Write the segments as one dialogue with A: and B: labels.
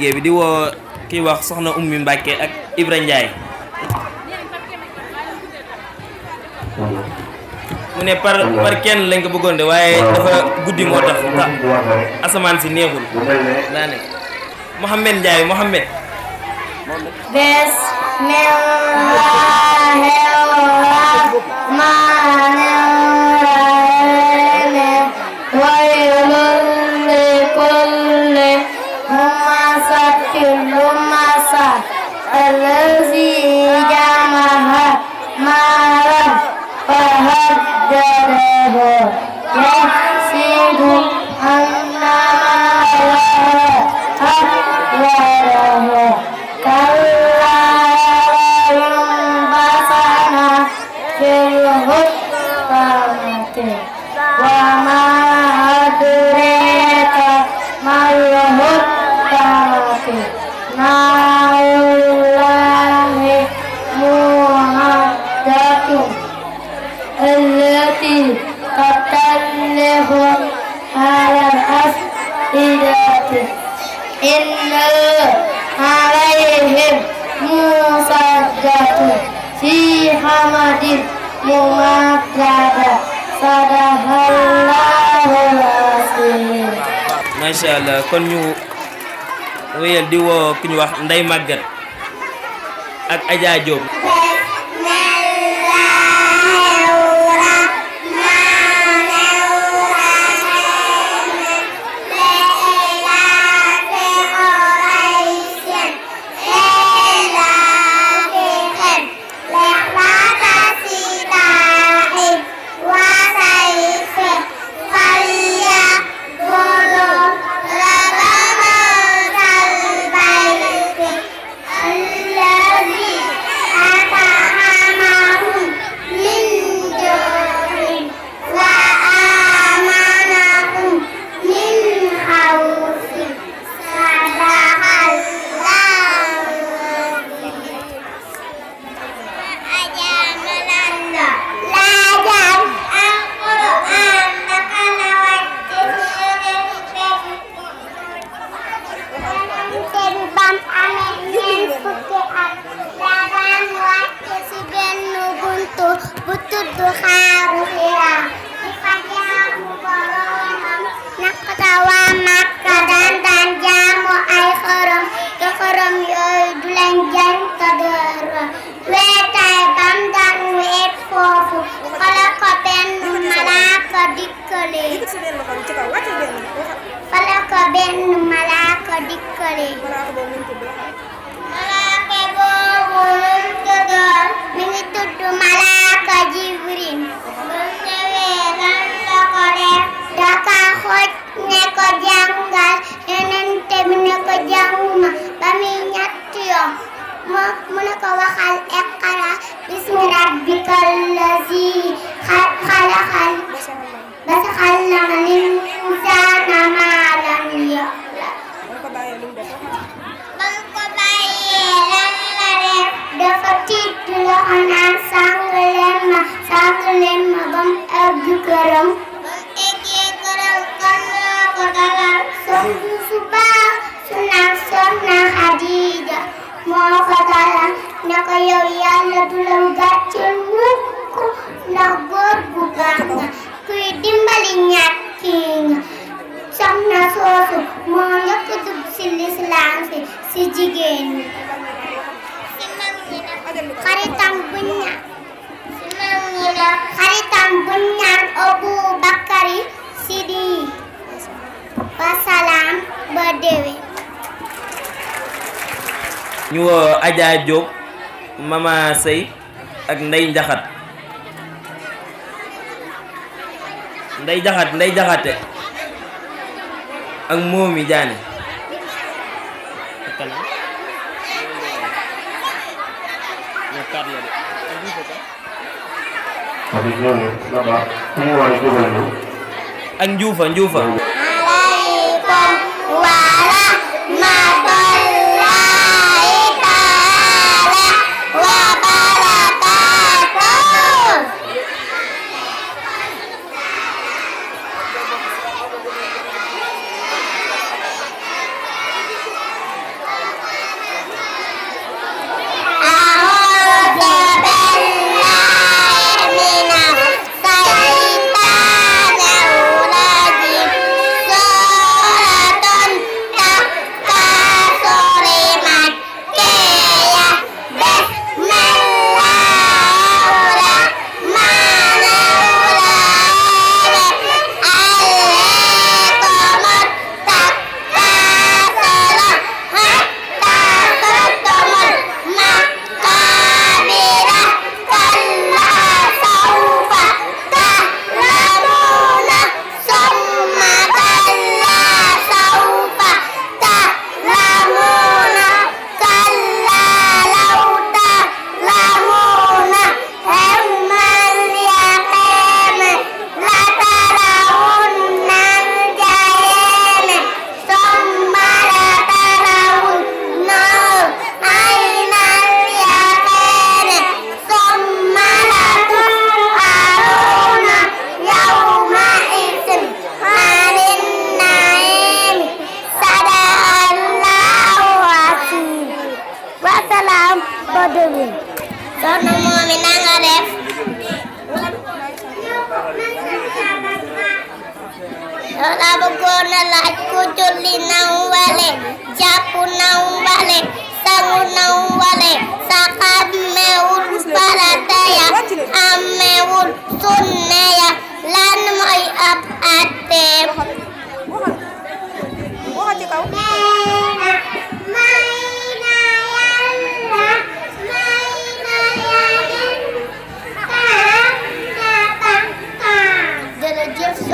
A: liggéey bi di wo ki wax soxna ummi Mbàkke ak ibrahim Ndiaye mu ne par par kenn lañ ko bëggoon de waaye dafa guddii moo tax ta asamaan si neexul daa ne Mohamed Ndiaye Mohamed
B: بسم الله الرحمن Bravo!
A: macha kon ñu wéyal di woo ki wax Ndey Màggat ak Adja Diop
B: ganga kuidin balinyaking samna sosu mola kutub silislam si sijigen karitan bunya karitan bunyan Abu Bakari Sidi Wassalam Badewi
A: ñu aja Adja Mama Sey ak Ndey nday jaxat nday jaxate ak moomi jaane ak njuufa njuufa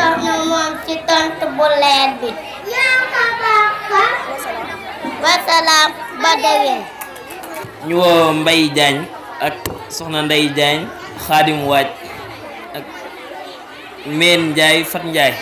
B: wax na moom ci tontu bu leer bi ñoo ko ba déwén
A: ñu woo Mbay Jaañ ak soxna Ndey Jaañ Xaadim Waaj ak Meen Njaay Fat Njaay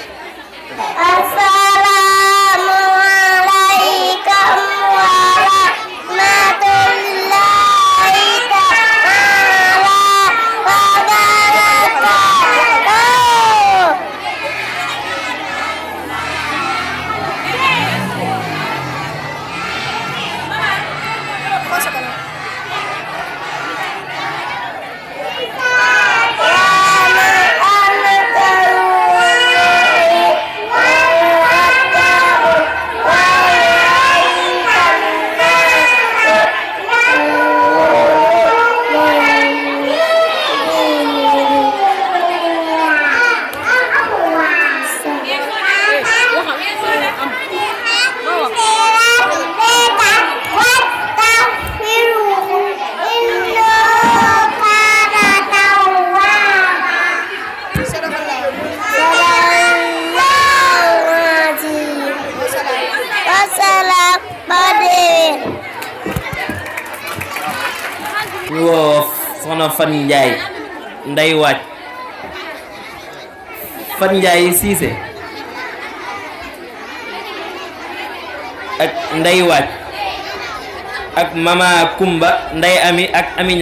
A: fan njaay nday waaj fan njaay siise ak nday waaj ak mama kumba ndey ami ak ami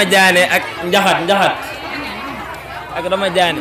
A: Rama Diané ak Njaxat Njaxat ak Rama Diané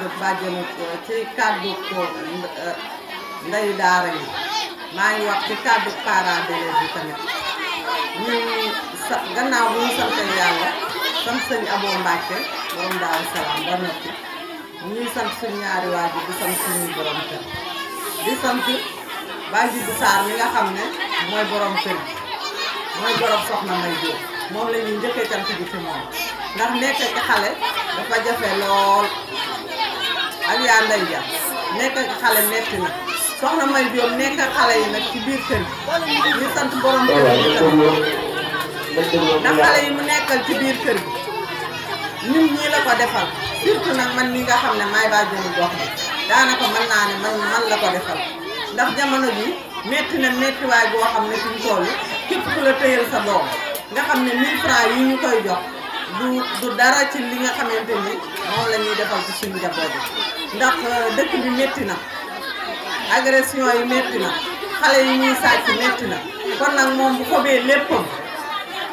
C: kàddu bàjjenu ci kàddu ndeyu daara yi maa ngi wax ci kàddu parents d'élèves yi tamit ñun sa gannaaw bu ñu sant yàlla sant sëñ Aboo Mbàkke borom Daaru Salaam ba noppi ñuy sant suñu ñaari waajur di sant suñu borom kër di sant Bajib Sarr mi nga xam ne mooy borom kër mooy borom soxna May Jóob moom la njëkkee cant bi ci moom ndax nekk ci xale dafa jafe lool ak yaa nday ja nekk ak xale metti na soxna May Diop nekk xale yi nag ci biir kër gi ñu sant borom kër gi ci biir kër gi la ko defal surtout nag man mi nga xam ne maay baa jëmu gox bi daanaka mën naa ne man la ko defal ndax jamono ji metti na mettiwaay boo xam ne suñ toll képp ku la tëyal sa doom nga xam ne 1000 francs yi ñu koy jox du dara ci li nga xamante ni moom la ñuy defal ci suñu njaboot bi ndax euh, dëkk bi métti na agression yi métti na xale yi ñuy sàcc métti na kon nag moom bu ko léppam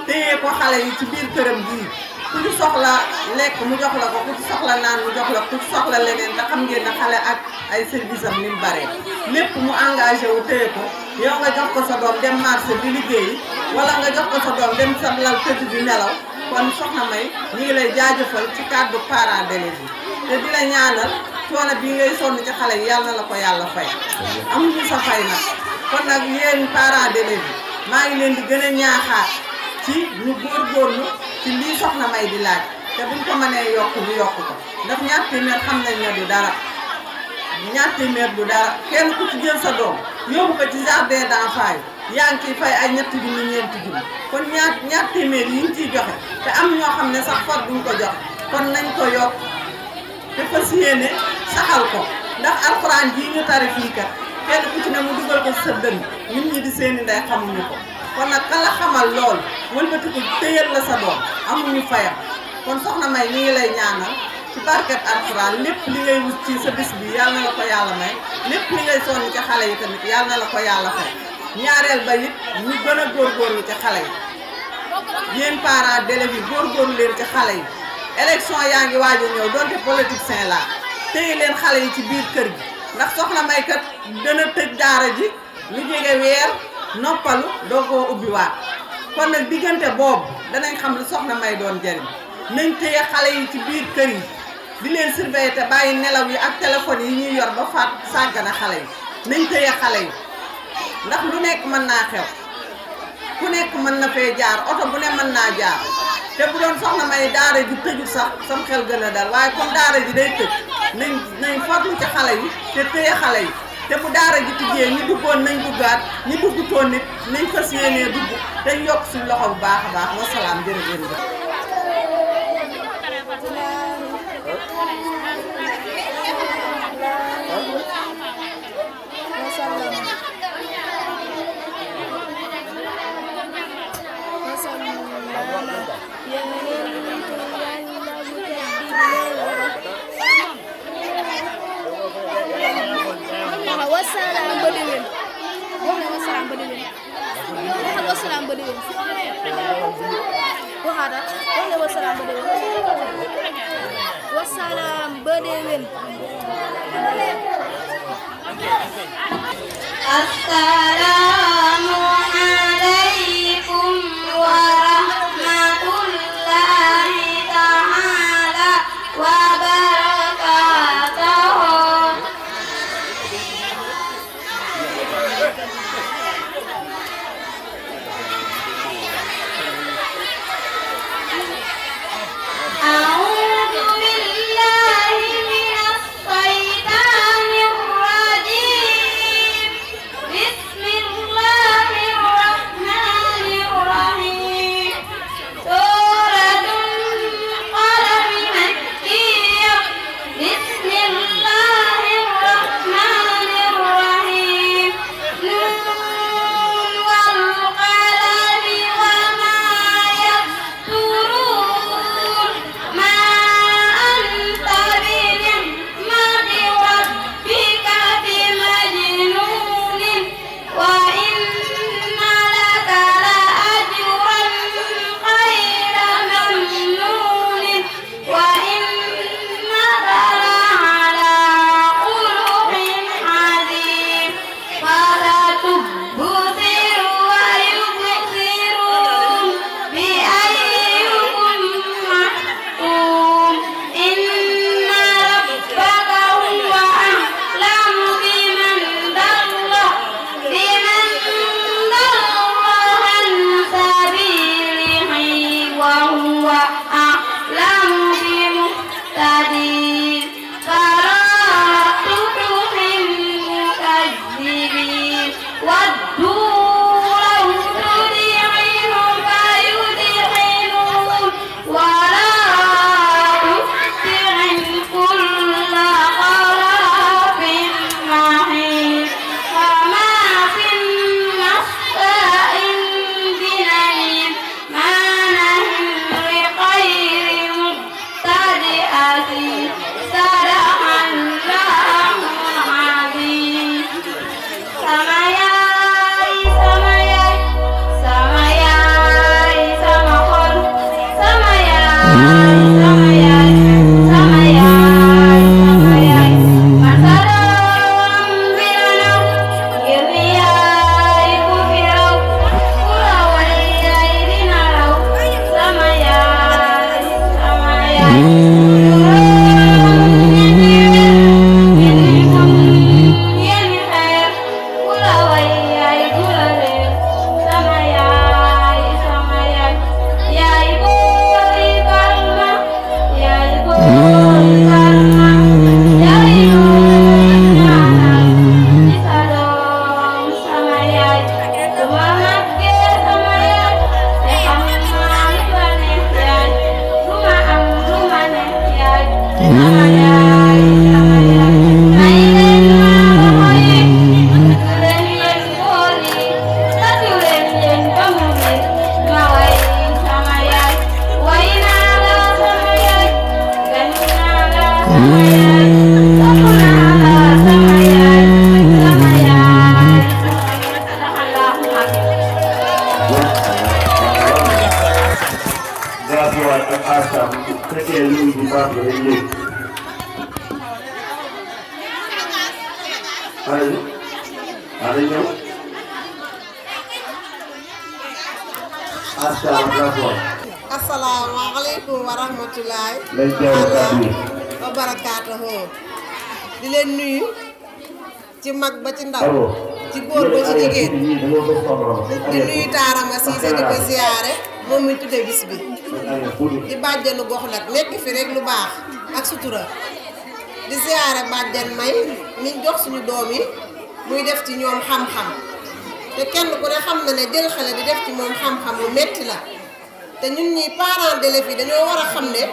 C: téye ko xale yi ci biir këram gii ku ci soxla lekk mu jox la ko ku ci soxla naan mu jox la ku ci soxla leneen te xam ngeen xale ak ay service am ni mu baree lépp mu engagé wu téye ko yow nga jox ko sa doom dem marché di liggéeyi wala nga jox ko sa doom dem sa lal tëdd di nelaw kon soxna May ñu ngi lay jaajëfal ci cadre parents d'élèves yi te di la coono bi ngay sonn ci xale yi yàlla la ko yàlla fay amuñu sa fay nag kon nag yéen parents d'élèves bi maa ngi leen di gën a ñaaxaat ci ñu góorgóorlu ci lii soxna may di laaj te duñ ko mënee yokk bu yokk ko ndax ñaar téeméer xam nañ ne dara ñaar téeméer du dara kenn ku ci jël sa doom yóbbu ko ci dee d'enfants yi yaa ngi ciy fay ay ñetti junni ñeenti junni kon ñaar ñaar téeméer yi ñu ciy joxe te am ñoo xam ne sax far duñ ko joxe kon nañ ko yokk te fas yéene saxal ko ndax alxuraan jii ñu tari fii kat kenn ku ci ne mu dugal ko sa dënn nit ñi di seen ndey xamuñu ko kon nag ka la xamal lool wëlbati ko téyal la sa doom amuñu fayam kon soxna May ñu ngi lay ñaanal ci barkat alxuraan lépp li ngay wut ci sa bis bi yàlla na la ko yàlla may lépp li ngay sonn ci xale yi tamit yàlla na la ko yàlla fay ñaareel ba it ñu gën a góorgóorlu ci xale yi yéen parents d'élèves yi góorgóorlu leen ci xale yi élection yaa ngi waaj a ñëw donte politicien laa téye leen xale yi ci biir kër gi ndax soxna may kat dana tëj daara ji ñu jege weer noppalu doo koo ubbiwaat kon nag diggante boobu danañ xam lu soxna may doon jariñ nañ téye xale yi ci biir kër yi di leen surveiller te bàyyi nelaw yi ak téléphone yi ñuy yor ba faat sàggana xale yi nañ téye xale yi ndax lu nekk mën naa xew ku nekk mën na fee jaar oto bu ne mën naa jaar te bu doon soxna may daara ji tëju sax sam xel gën a dal waaye comme daara ji day tëj nañ nañ fortu ci xale yi te téye xale yi te bu daara ji tijjee ñi duggoon nañ duggaat ñi duggutoon nit nañ fas yéenee dugg te yokk suñ loxo bu baax a baax wasalaam jërëjëf
D: wassalam bedewin wassalam
B: Assalamualaikum Mm.
E: baax ak sutura di ziyaare bàjjen may mi jox suñu doom yi muy def ci ñoom xam-xam te kenn ku ne xam na ne jël xale di def ci moom xam-xam lu metti la te ñun ñi parents d'élèves yi dañoo war a xam ne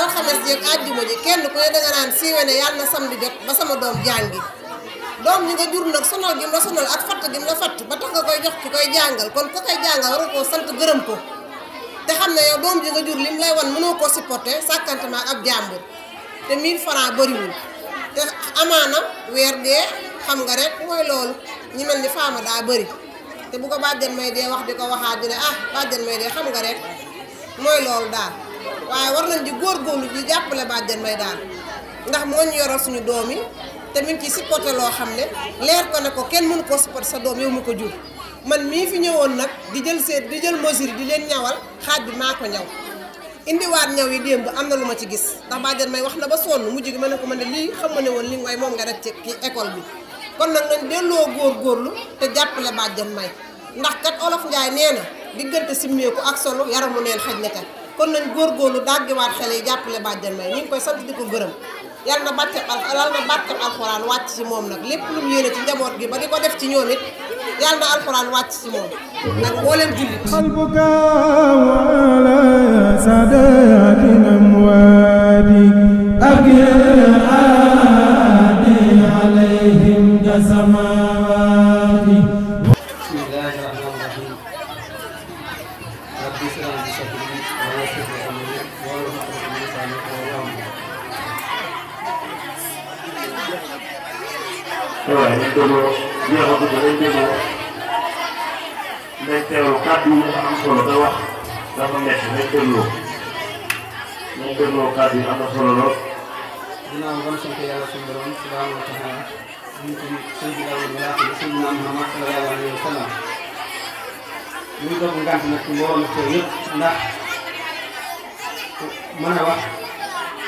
E: alxames yeeg àjjuma ji kenn ku ne danga naan siiwe ne yàlla na samedi jot ba sama doom jàngi doom ji nga jur nag sonal gi mu la sonal ak fatt gi mu la fatt ba tax nga koy jox ki koy jàngal kon ku koy jàngal war koo sant gërëm ko te xam ne yow doom ji nga jur lim lay wan mënoo koo supporter sàkkantement ab jàmbur te 1000 francs bëriwul te amaana weer dee xam nga rek mooy loolu ñi mel ni faama daa bëri te bu ko bàjjen may dee wax di ko waxaat di ne ah bàjjen may dee mooy loolu daal waaye war nañ di góor góorgóorlu di jàppale bàjjen may daal ndax moo ñu yoral suñu doom yi te mi ngi ciy supporter loo xam ne leer ko ne ko kenn mënu koo supporter sa doom yow mu ko jur. man mii fi ñëwoon nag di jël seet di jël mesure di leen ñawal xaaj bi maa ko ñaw indiwaat ñaw yi démb am na lu ma ci gis ndax bàjjen may wax na ba sonn mujj gi ma ne ko man de lii xam ma ne woon li mooy moom nga def ci école bi kon nag nañ delloo góorgóorlu te jàppale bàjjen may ndax kat olof Njaay nee na diggante simmeeku ak solo yaramu neen xaj na kat kon nañ góorgóorlu daggiwaat xale yi jàppale bàjjen may ñu ngi koy sant di ko gërëm yal na barkeb al yal na barkeb alxuraan wàcc ci moom nag lépp lu mu ci njaboot gi ba di ko def ci ñoom yal na alxuraan wàcc ci moom nag moo leen jullit
B: ak ak
F: loolu kàddu yi dafa am solo da wax dafa nekk nañ na solo
G: ngi ci sëñ bi daawul bi a wax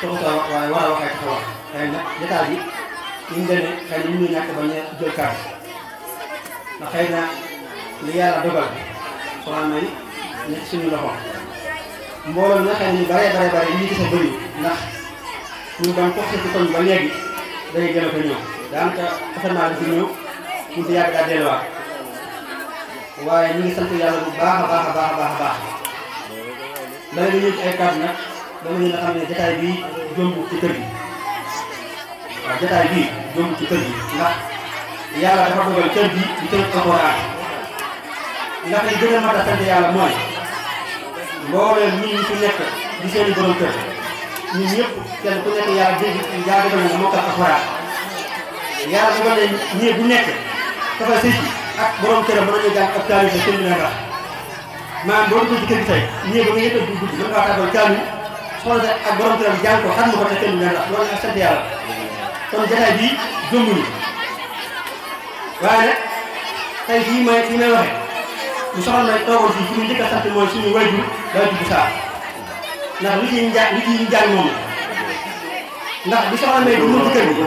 G: soxla wax waaye war a wax ay tax a wax xëy na jotaay bi ñu ngi demee na ñu na li dogal alxuraan moom nekk suñu loxo mbooloo mi nga xam ne ñu bare bare bare ñu gis a bëri ndax ñu daan ko ci koñ ba léegi day gën a ko ñëw daanaka affaire bi fi ñëw ñu si yàgg daa delluwaat waaye ñu ngi sant yàlla bu baax a baax a baax a baax a baax lala ñu ñëw ci ay kàddu nag dama ñu nga xam ne jotaay bii jomb ci kër gi waaw jotaay bii jomb ci kër gi ndax yàlla dafa dogal kër gi di tënk alxuraan ndax li gën a mat a sant yàlla mooy mbooleem ñi ñu fi di seen i borom kër ñun ñëpp kenn ku nekk yàlla dégg yàlla dogal na mokkal alxuraan yàlla dogal na ñii bu nekk dafa sëy ak borom këram mën nañu jàng ab kaamil sa kenn dina rax maanaam boo duggee ci kër gi tey ñii ba nga a a dugg mën ngaa a kaamil xoolal ak borom këram jàng ko xam ko te kenn dina rax loolu ak kon jotaay bii jëmmuñu waaye nag tey fii ñu soxla nag toogoon fii suñu njëkk a sant mooy suñu wayju wayju bu saa ndax li ciy nja li ndax bi soxla may bu mujj kër gi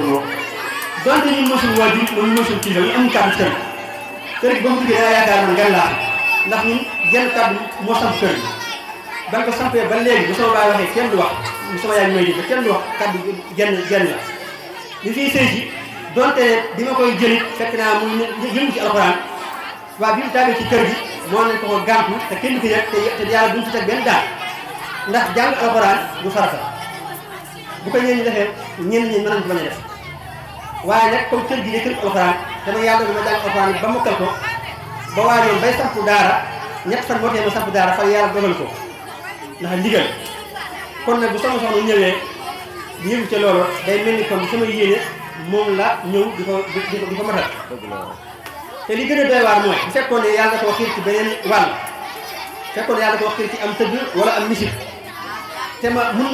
G: donte ñu mooy suñu wayju moom mooy suñu ba mu tuddee daa yaakaar man gan laa ndax ñun genn kàddu moo samp kër gi ba nga sampee ba léegi bu sama baay waxee kenn du wax bu sama yaay may dégg kenn du wax kàddu genn genn la li fiy sëy si donte bi ma koy jëlit fekk naa mu jëm ci alxuraan waaw bi mu ci kër gi moo nañ ko ko gàntu te kenn du ko yëg te te benn daal ndax jàng alxuraan du farata bu ko ñeen ñi defee ñenn ñi mën nañ ko def waaye nag comme kër gi de kër alxuraan dama yàlla dama jàng alxuraan ba mokkal ko ba waa yoon bay samp daara ñett fan moo tee ma samp daara far yàlla dogal ko ndax ndigal kon nag bu sama soxna ñëwee di yëngu ca loolu day mel ni comme sama yéene moom la ñëw di ko di ko di ko te li gën a doy waar mooy bu fekkoon ne yàlla koo xiir ci beneen wàll fekkoon yàlla koo xiir ci am tëgg wala am musique te ma kon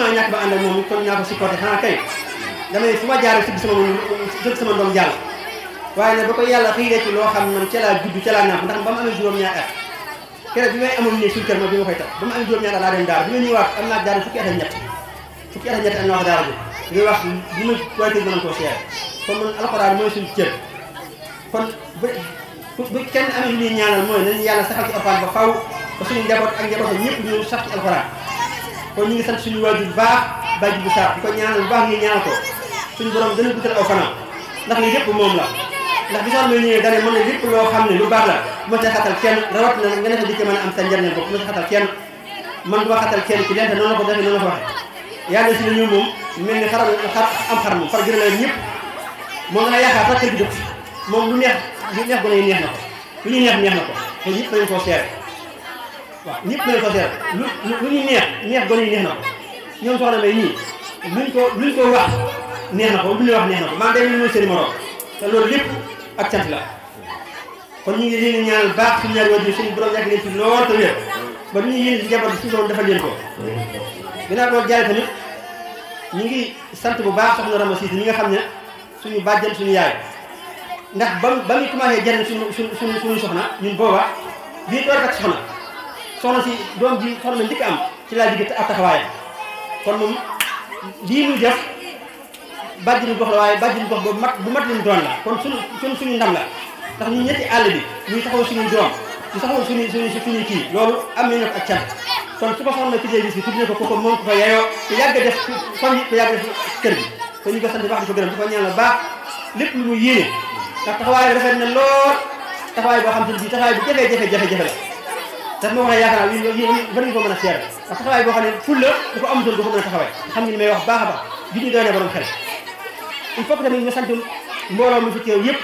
G: ko supporté xanaa kay damay fu ma jaaree sëgg sama sëgg sama doom jàll waaye nag loo xam man ca laa judd ca laa naaf ma bi ma koy tax ba mu amee juróom-ñaar at laa dem daara bi ma ko daara bi ngay ma waykë mënan mooy suñu cër kon bu kenn amee lu ñuy ñaanal mooy nañu yàlla saxal ci alxuraan ba faw ba suñu njaboot ak njaboot ñëpp ñu sax ci alxuraan kon ñu ngi sant suñu waajur baax bàjj bu saar bu ko ñaanal baax ñu ñaanal ko suñu borom gën a guddal aw fanam ndax li yëpp moom bi sa xatal kenn rawat na nga nekk di ci mën a am sa njariñ bopp bu ma sa xatal kenn man du ma xatal kenn ci leen te noonu la ko defee noonu la ko waxee yaa ngi moom mel ni xaram xar am xar moom far a leen ñëpp moom li neex gone yi neex na ko neex neex na ko te ñëpp nañu koo seer waaw ñëpp nañu koo seer lu ñu neex neex gone yi neex na ko ñoom soxna Mbaye ñii luñ ko luñ ko wax neex na ko lu ñu wax neex na ko man day ñu mooy seen morom loolu lépp ak cant la kon ñu ngi leen ñaanal baax suñu ñaari wajur suñu borom yàgg leen ci lool te wér ba ñu yéen si jabar bi suñu borom defal leen ko ginnaaw loolu jaare tamit ñu ngi sant bu baax soxna Rama Cissé ñi nga xam ne suñu bàjjan suñu yaay ndax ba ba muy commencé jëriñ suñu suñu suñu soxna ñun booba bii door ak soxna soxna si doom ji soxna njëkk am ci laa digg ak taxawaayam kon moom lii muy def bàjjenu gox la waaye bàjjenu gox boobu mat bu mat lim doon la kon suñu suñ suñu ndam la ndax ñu ñetti àll bi ñu taxaw suñuy doom ñu taxaw suñuy suñuy suñuy kii loolu am nañu ak cant kon su ko soxna tuddee bis bi tuddee ko ko ko moom ko fa yeyoo te yàgg def famille te yàgg a def kër bi kon ñu ko sant baax di ko gërëm di baax lépp lu muy ndax taxawaay rafet na lool taxawaay boo xam ne bii taxawaay bu jafe-jafe jafe-jafe te moo koy yaakaar yi yi a seer ndax taxawaay boo xam ne ful la du ko amutoon du ko a taxawaay xam nga li may wax baax baax bi ñu doy na borom xel il faut que tamit ñu sant mbooloo mi fi teew yëpp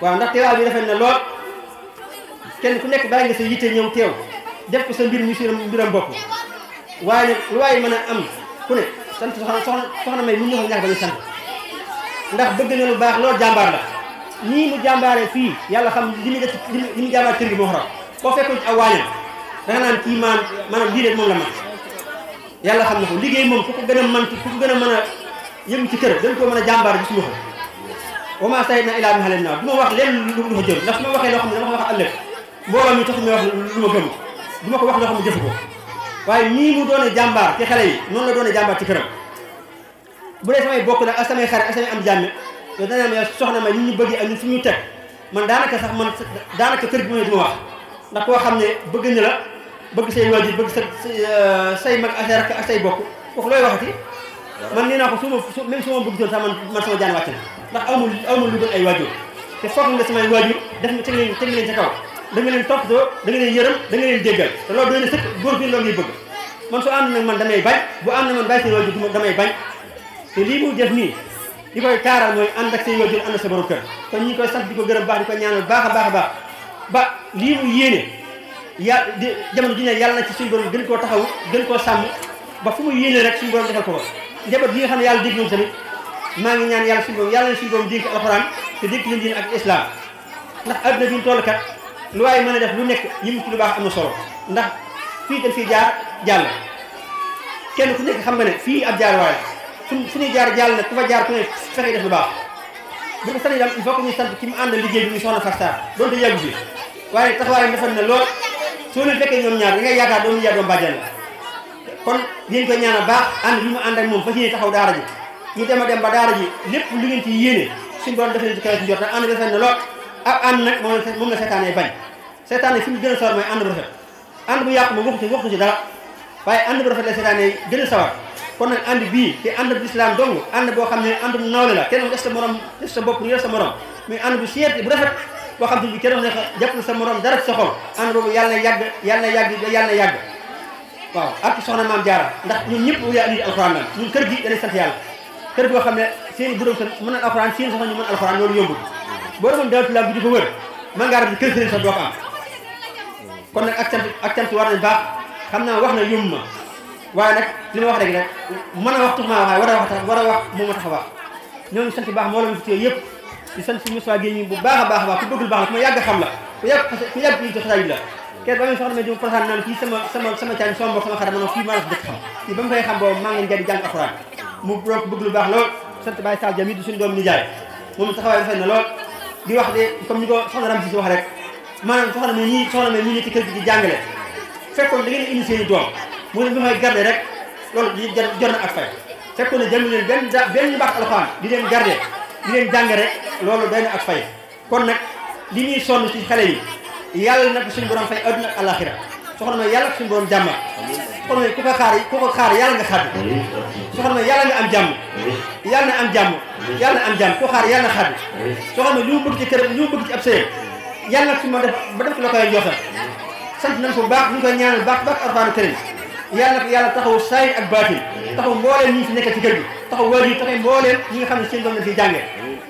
G: waaw ndax teewaay bi rafet na lool kenn ku nekk bàyyi nga sa yitte ñëw teew def ko sa mbir mi suñu mbiram bopp waaye nag lu waaye mën a am ku ne sant soxna soxna may mu ñu sa ñaax ba ñu sant ndax bëgg na lu baax loolu jàmbaar la ñii mu jàmbaaree fii yàlla xam li mu def li mu jàmbaar kër gi moo xaram boo fekkoon ci aw waañam danga naan kii maan maanaam lii de moom la man yàlla xam na ko liggéey moom ku ko gën a man a mën a yëngu ci kër dañ koo mën a jàmbaar bi suñu xam wama sayit na ilaa maxalen naa du ma wax leen lu ma jëm ndax su ma waxee loo xam ne dama ko wax ëllëg mbooloo mi tax ma wax lu ma gëm du ma ko wax loo xam ne jëfu ko waaye ñii mu doone jàmbaar ci xale yi la doone jàmbaar ci këram bu dee samay bokk nag ak samay xarit ak samay am jàmm yow soxna ma ñu ñu bëggee ak ñu fi ñu teg man daanaka sax man daanaka kër gi ma ne duma wax ndax koo xam ne bëgg na la bëgg say waajur bëgg sa euh, say say rakk ak say bokk foofu looy waxati man nee naa ko su ma su même man man sama jaan wàcc na ndax amul lu ay waajur te foog samay waajur def na teg leen teg leen ca kaw da nga leen toppatoo da nga leen yërëm da nga leen jéggal te loolu doy na sëkk góor fi loolu ngay bëgg man su ànd nag man damay bañ bu am na man bàyyi seen waajur damay bañ te lii mu def nii li ko taaral mooy ànd ak say waajur ànd ak sa borom kër kon ñi koy sant di ko gërëm baax di ko ñaanal baax a baax a baax ba lii mu yéene ya jamono ji ne yàlla na ci suñu borom gën koo taxaw gën koo sàmm ba fu mu yéene rek suñu borom defal ko ko njaboot yi nga xam ne yàlla dégg nañu tamit maa ngi ñaan yàlla suñu borom yàlla na suñu borom dénk alxuraan te dénk leen diine ak islam ndax adduna bi ñu toll kat lu waaye mën a def lu nekk yi mu ci lu baax am na solo ndax fii dañ fii jaar fii ab jaar fu ñuy jaar jàll na ku fa jaar ku ne fexe def lu baax bu ko sant dam il faut que ñu sant ki mu ànd liggéey bi ñu soxna Fassar doonte yàgg bi waaye taxawaayam defal na lool soo leen fekkee ñoom ñaar da ngay yaakaar doon yaa doom kon ngeen koy ñaanal baax ànd bi mu ànd ak moom fas yéene taxaw daara ji ñu dem a dem ba daara ji lépp lu ngeen ci yéene suñu borom def leen ci kawe ci njort nag ànd defal na lool ak ànd nag moom moom la seetaan ay bañ seetaan fi mu gën a sawar mooy ànd bu rafet ànd bu yàqu moom waxu ci waxu ci dara waaye ànd bu rafet la seetaan gën a sawar kon nag ànd bii te ànd bu islam dong ànd boo xam ne ànd bu nawle la kenn def sa morom def bu seet bu rafet boo xam te bi kenn nekk jàpp sa morom dara sa xol ànd boobu yàlla na yàgg na yàgg yàlla na yàgg waaw ak soxna maam jaara ndax ñun ñëpp yaa indi alxuraan la ñun kër gi dañuy sant yàlla kër goo xam ne seen borom sa mën na alxuraan seen soxna ñu mën alxuraan loolu yombul boo demoon dawatu la bi di ko wër mën ngaa rafet kër sëriñ doo ko am kon nag ak xam naa wax na yomb ma waaye nag li ma wax rek nag mën a wax tux maa wax tax war a wax moo ma tax wax ñoo sant baax moo la fi téye yëpp di sant si Moussa Gueye ñi bu baax a baax a ku bëggul baax la ku yàgg xam la ku yàgg ku yàgg sama sama man fii maa la jàng alxuraan mu doon bëgg lu baax lool sant Baye Sall Diam suñu doom nijaay moom taxawaay rafet na lool di wax de comme ñu ko soxna Ram si wax rek maanaam soxna ma ñii soxna ma ñii ne ci kër gi di jàngale fekkoon da ngeen initié yi doom mu ne bi may garder rek loolu di jot na ak fay fekkoon ne jënd leen benn da benn baax alxuraan di leen garder di leen jàng rek loolu doy na ak fay kon nag li ñuy sonn ci xale yi yàlla na ko suñu borom fay adduna ak alaxira soxna ma yàlla suñu borom jàmm soxna ku ko xaar ku ko xaar yàlla nga xaar soxna ma yàlla nga am jàmm yàlla na am jàmm yàlla na am jàmm ku xaar yàlla na xaar soxna ma li mu bëgg ci kër li mu bëgg ci ab sëy yàlla na suñu ma def ba def la koy joxal sant nañ ko bu baax ñu koy ñaanal baax baax alxuraan karim yàlla na ko yàlla taxaw saay ak baatin taxaw mbooleem ñi fi ci kër gi taxaw waa ji taxaw mbooleem ñi nga xam ne seen doom la fiy jàngee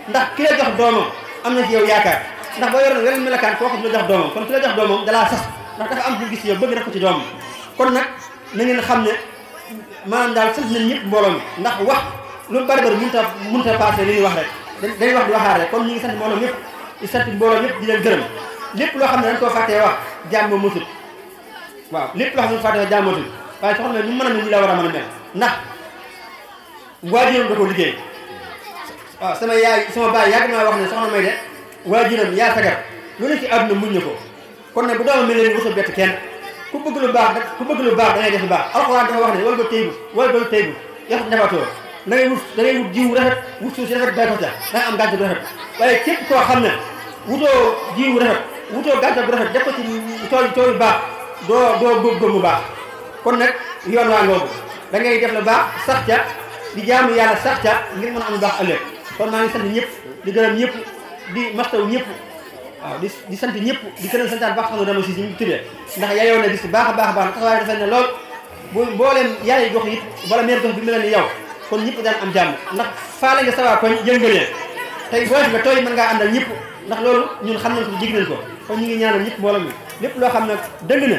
G: ndax ki la jox doomam am na ci yow yaakaar ndax boo yoroon weneen melakaan kooku du la jox doomam kon ki la jox doomam dalaa sax ndax dafa am bu gis yow bëgg rek ko ci doomam kon nag na ngeen xam ne maanaam daal sant nañ ñëpp mbooloo mi ndax wax lu bari bari mënut a mënut a passé li ñuy wax rek dañuy wax di waxaale kon ñi ngi sant mbooloo ñëpp di sant mbooloo gërëm lépp loo xam ne dañ koo fàttee wax jàmm moo mësul waaw lépp loo xam ne dañ waaye soxna ñu mën a mel ñu la war a mën a mel ndax waajuram da ko liggéey waaw ah, sama yaay sama baay yàgg naa wax ne soxna may de waajuram yaa sagar lu ne ci àdduna muñ na ko kon ne bu dooma mel leen wusa bett kenn ku bëgg lu baax ku bëgg lu baax da ngay def lu baax alxuraan dafa wax ne wal ba taybu wal ba taybu yox defatoo da ngay wut da ngay wut jiwu rafet wut da ngay am képp koo xam ne wutoo jiwu rafet wutoo gàncax bu rafet def ko ci tool tool yu baax doo doo góob góob mu baax kon nag yoon waa ngoogu da ngay def lu baax sax ca di jaamu yàlla sax ca ngir mën a am baax ëllëg kon maa ngi sant ñëpp di gërëm ñëpp di mastaw ñëpp waaw di di sant ñëpp di gërëm santaat baax xam nga dama si ñu tuddee ndax yayoo na gis baax a baax a baax taxawaay dafa ne lool bu booleen yàlla jox it wala meer jox bi mel ni yow kon ñëpp daan am jàmm ndax faale nga sawaa koñ jëngalee tey boo nga tooy mën ngaa àndal ñëpp ndax loolu ñun xam nañ ko jig ko kon ñu ngi ñaanal ñëpp mbooloo mi loo xam ne dëng na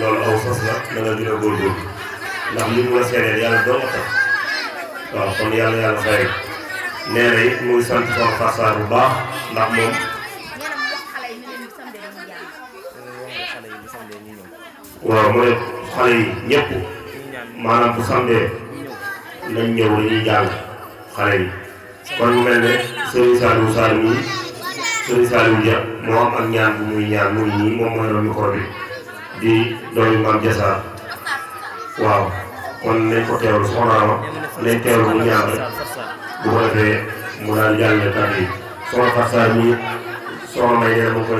F: loolu aw sas la da nga gën a góorgóorlu ndax waaw kon yàlla yàlla fay muy sant Sow Fassar bu baax ndax moom. waaw mu ne xale yi ñëpp maanaam bu samdee nañ ñëw dañuy jàng xale yi kon mu mel ne Serigne Saliou Sall mii Serigne Saliou Dia moo am ak ñaan muy ñaan muy ñii moom mooy doon micro bi. di doomi maam jasaar waaw kon nañ ko teewlu soxna ko ne moom dangay yàgg waxee kër moom boo xoolee ci bàyyi tuub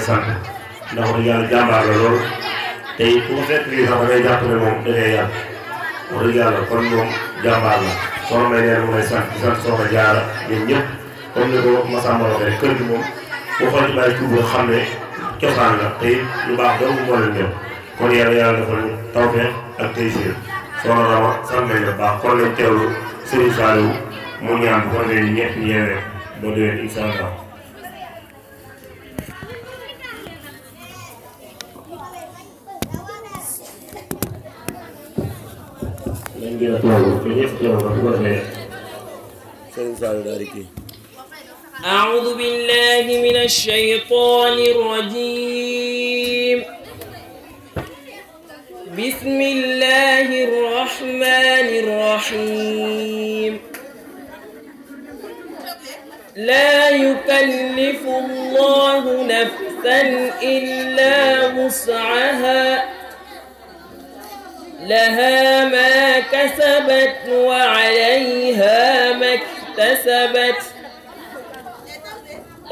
F: xam ne cosaan la tey lu baax doomu moo leen ñëw kon yàlla yàlla defal ñu tawfeex ak taysiir soxna Rama sant nañ la baax kon lañ teewlu Serigne Saliou mu ñaan bu ko defee ñett ñeene ba déwén incha allah.
H: dañ gën a toog ba ñëpp teew ba bu ko defee Serigne Saliou daal di kii. أعوذ بالله من الشيطان الرجيم بسم الله الرحمن الرحيم لا يكلف الله نفسا إلا وسعها لها ما كسبت وعليها ما اكتسبت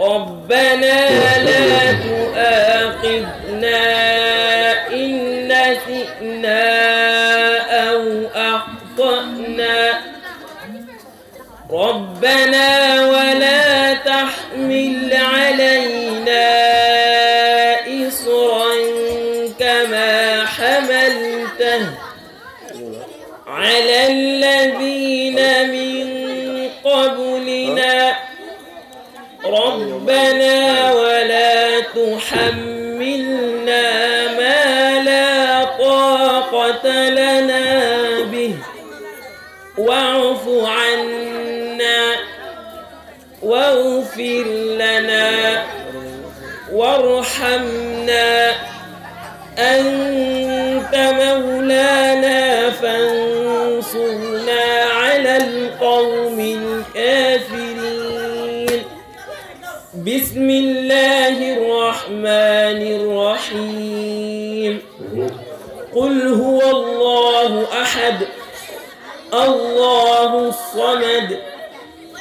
H: ربنا لا تؤاخذنا إن شئنا أو أخطأنا ربنا ولا تحمل علينا إصرا كما حملته على الذين من قبلنا ربنا ولا تحمل قتلنا به واعف عنا واغفر لنا وارحمنا أنت مولانا فانصرنا على القوم الكافرين بسم الله الرحمن الرحيم قل هو الله أحد الله الصمد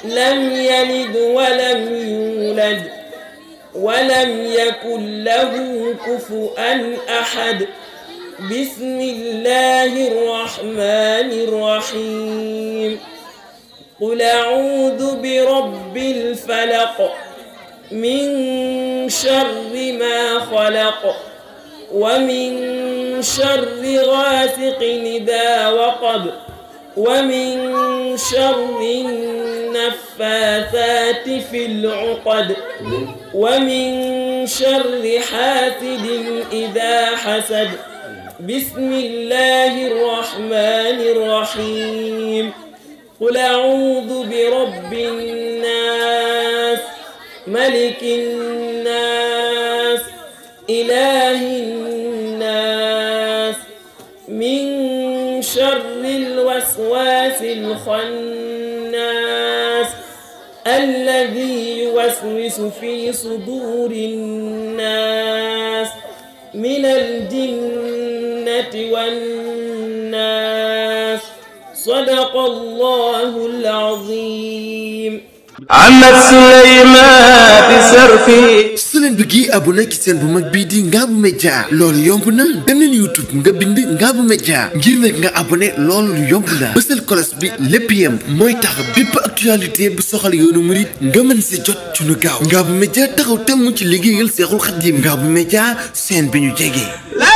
H: لم يلد ولم يولد ولم يكن له كفؤا أحد بسم الله الرحمن الرحيم قل أعوذ برب الفلق من شر ما خلق ومن شر غاسق إذا وقب ومن شر النفاثات في العقد ومن شر حاسد إذا حسد بسم الله الرحمن الرحيم قل أعوذ برب الناس ملك الناس الوسواس الخناس الذي يوسوس في صدور الناس من الجنة والناس صدق الله العظيم
C: bi su leen bëggee abonné ci seen bu mag bii di Ngaabu Média loolu yomb na dem leen YouTube nga bind Ngaabu Média ngir nag nga abonné loolu yomb na bësal kolos bi lépp yem mooy tax bépp actualité bu soxal yoonu murit nga mën si jot ci lu gaaw Ngaabu Média taxaw temm ci liggéeyal Seexul Xadiim bu Média seen bi ñu jege